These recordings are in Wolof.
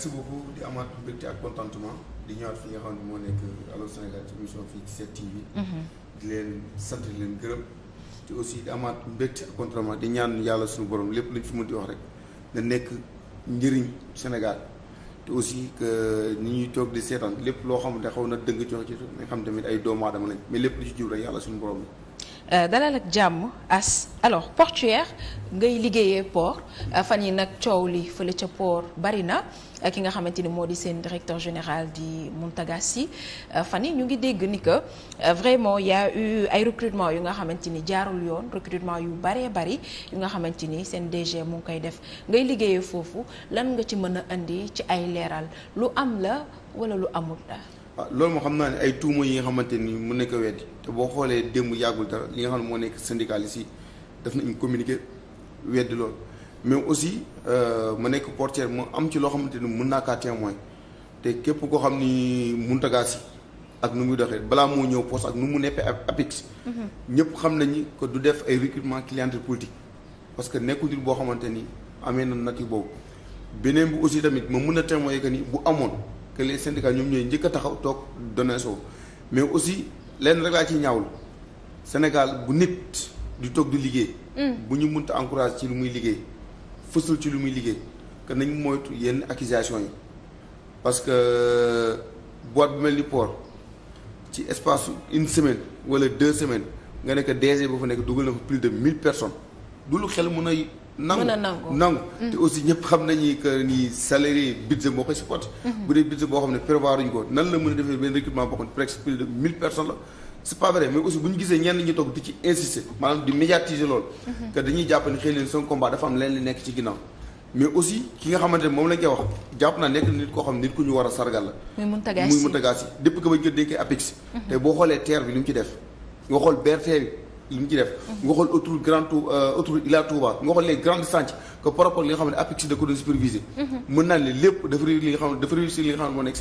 merci beaucoup di amaat mbégte ak contentement di ñëwaat fi nga xam ne moo nekk Allô Sénégal ci émission fii ci 7TV mhm. di leen sant di leen gërëm te aussi di amaat mbégte ak contentement di ñaan yàlla suñu borom lépp luñ fi mën di wax rek na nekk njëriñ Sénégal te aussi ni ñuy toog di seetaan lépp loo xam ne xaw na dëng jox ci nga xam tamit ay doomu aadama lañ mais lépp lu ci jub rek yàlla suñu borom la Euh, dalal ak jàmm as alors portuaire ngay liggéeyee port euh, fan yi nag coow li fële ca port bari na euh, ki nga xamante ni moo di seen directeur général di Mountaga Sy fan yi ñu ngi dégg ni que vraiment y a ay recrutement yu nga xamante ni jaarul yoon recrutement yu baree bari yu nga xamante ni seen DG mu ngi koy def ngay liggéeyee foofu lan nga ci mën a indi ci ay leeral lu am la wala lu amul la waaw loolu moo xam naa ne ay tuuma yi nga xamante ni mën nañ ko weddi te boo xoolee démb yàggul dara li nga xam ne moo nekk syndicaliste yi def nañ communiqué weddi loolu mais aussi euh, ma nekk portière mu am ci loo xamante ni mën naa kaa témoin te képp koo xam ni Mountaga Sy ak nu muy doxee balaa moo ñëw poste ak nu mu neppee APIX mm-hmm. ñëpp xam nañu que du def ay recrutement clientèle politique parce que nekkul nit boo xamante ni amee na nature boobu beneen bi aussi tamit ma mën a témoin que ni bu amoon que les syndicats ñoom ñooy njëkk a taxaw toog donné soo mais aussi lenn rek laa ciy ñaawlu Sénégal bu nit di toog di liggéey. Mm. bu ñu mënta encourage ci lu muy liggéey fësal ci lu muy liggéey que nañ moytu yenn accusation yi parce que euh, boîte bu mel ni port ci espace une semaine wala deux semaines nga nekk DG ba fa nekk dugal na fa plus de mille personnes du lu xel mën a. nangu nangu mm-hmm. te aussi ñëpp xam nañu que ni salarié budget moo koy supporté mm-hmm. bu dee budget boo xam ne prévoir uñu ko nan la mën a defee benn recrutement boo xam ne presque plus de mille la c'est pas vrai mais aussi bu ñu gisee ñenn ñu toog di di médiatiser loolu mm-hmm. que dañuy jàpp ne xëy na seen combat dafa am leen li nekk ci ginnaaw mais aussi ki nga xamante moom lañ koy wax jàpp naa nekk nit koo xam nit ku ñu war a sargal la muy Mountaga Sy depuis que ba jël dañ koy li mu ci def nga xool autoroute grand euh, autoroute Ila Touba nga xool les grandes sànc par rapport li nga xam ne APEX da ko doon superviser mhm. mën naa ne lépp dafa réussir li nga xam ne dafa réussir li nga xam ne moo nekk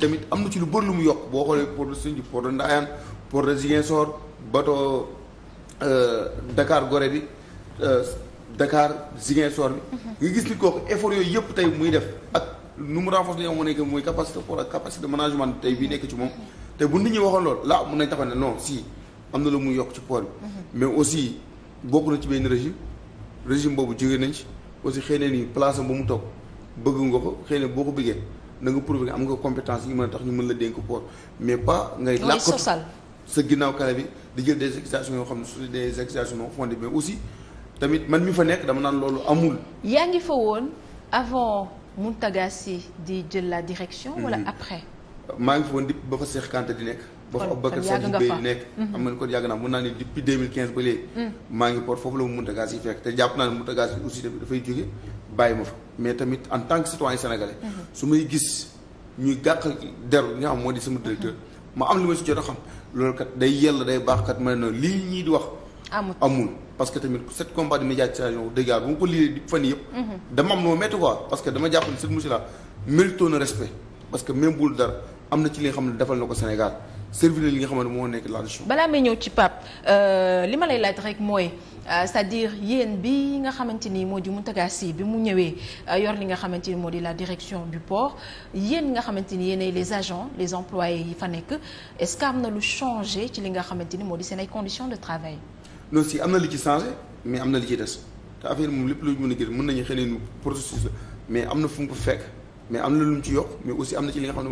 tamit am na lu bëri mu yokk boo xoolee port de Sédhiou port de Ndayane port de Ziguinchor euh, bi euh, Dakar Ziguinchor bi mhm. nga gis nit yëpp tey muy def ak nu mu renforcer yow mu nekk capacité port ak capacité de management tey bii nekk ci moom mhm. te bu nit ñi waxoon loolu laa ah mun nañ taxaw ne non si am na lu mu yokk ci koor bi mais aussi bokk na ci benn régime régime boobu jógee nañ ci aussi xëy na ni place am mu toog bëgg nga ko xëy na boo ko bëggee na nga am nga compétence yi mën a tax ñu mën la dénk poor mais pas ngay làkkatu sa ginnaaw kala bi di jël des accusations yoo xam ne su des accusations non fondées mais aussi tamit man mi fa nekk dama naan loolu amul yaa ngi fa woon avant Mountaga Sy di jël la direction wala mm-hmm. après maa ngi fa di ba fa Cheikh Kanté di nekk ba fa Aboubacar Sadji Bey nekk mhm. am na kon yàgg naa mun naa ba léegi mhm. maa ne Mountaga Sy mais tamit en tant que citoyen mhm. su may gis ñuy gàq deru li nga xam di sama directeur ma am li loolu kat day yell day baax kat ma ne lii ñii di wax amul parce que tamit cette combat de médiatisation dëgg yàlla bu ma ko lii fan yëpp dama am lu ma métti quoi parce que dama jàpp ne cette monsieur là respect parce que même bul dara am na ci li xam ne defal na ko Sénégal servir li nga xamante moo nekk la nation. balaa may ñëw ci Pape euh, li ma lay laaj rek mooy euh, cest à yéen bi nga xamante ni moo di Mountaga Sy bi mu ñëwee euh, yor li nga xamante ni moo di la direction du port yéen nga xamante ni yéenay les agents les employés yi fa nekk est-ce que am na lu changé ci li nga xamante ni moo di seen ay conditions de travail. am na li ci mais am na li ci des te moom lépp lu ñu a gën mën nañu xëy na processus mais am na fu ko fekk. mais am na lu mu ci yokk mais aussi am na ci li nga na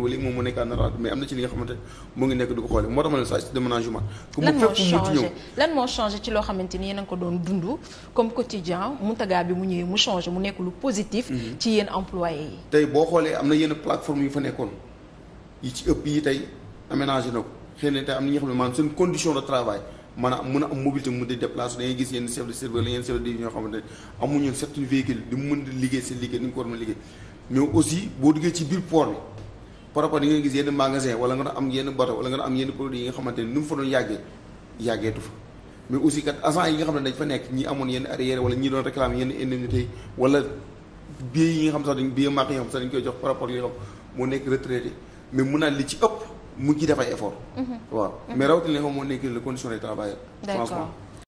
ci li nga xamante mu ngi nekk du ko xoolee moo tax ma ne saa si déménagement. lan a ngi ko mu ñëwee mu nekk lu positif. Mhm. ci yéen employé yi. tey boo xoolee am na yenn plateforme yu fa nekkoon yi ci ëpp yi tey aménagé na ko xëy na tey am na ñoo xam ne maanaam seen condition de travail. am mobilité mu di déplacé di liggéey seen liggéey ni ñu ko war a mën liggéey mais aussi boo duggee ci biir port bi par rapport nga gis yenn magasin wala nga am yenn bateau wala nga am yenn produit yi nga xamante ne ni mu fa doon yàggee yàggeetu fa mais aussi kat agent yi nga xam ne dañ fa nekk ñi amoon yenn arrière wala ñi doon réclamer yenn indemnité wala biais yi nga xam sax dañ biais màq yi nga xam sax dañ koy jox par rapport yi nga xam moo nekk retraité mais mun naa li ci ëpp mu ngi def ay effort mm-hmm. waaw mm-hmm. mais rawatina li nga xam moo nekk les conditions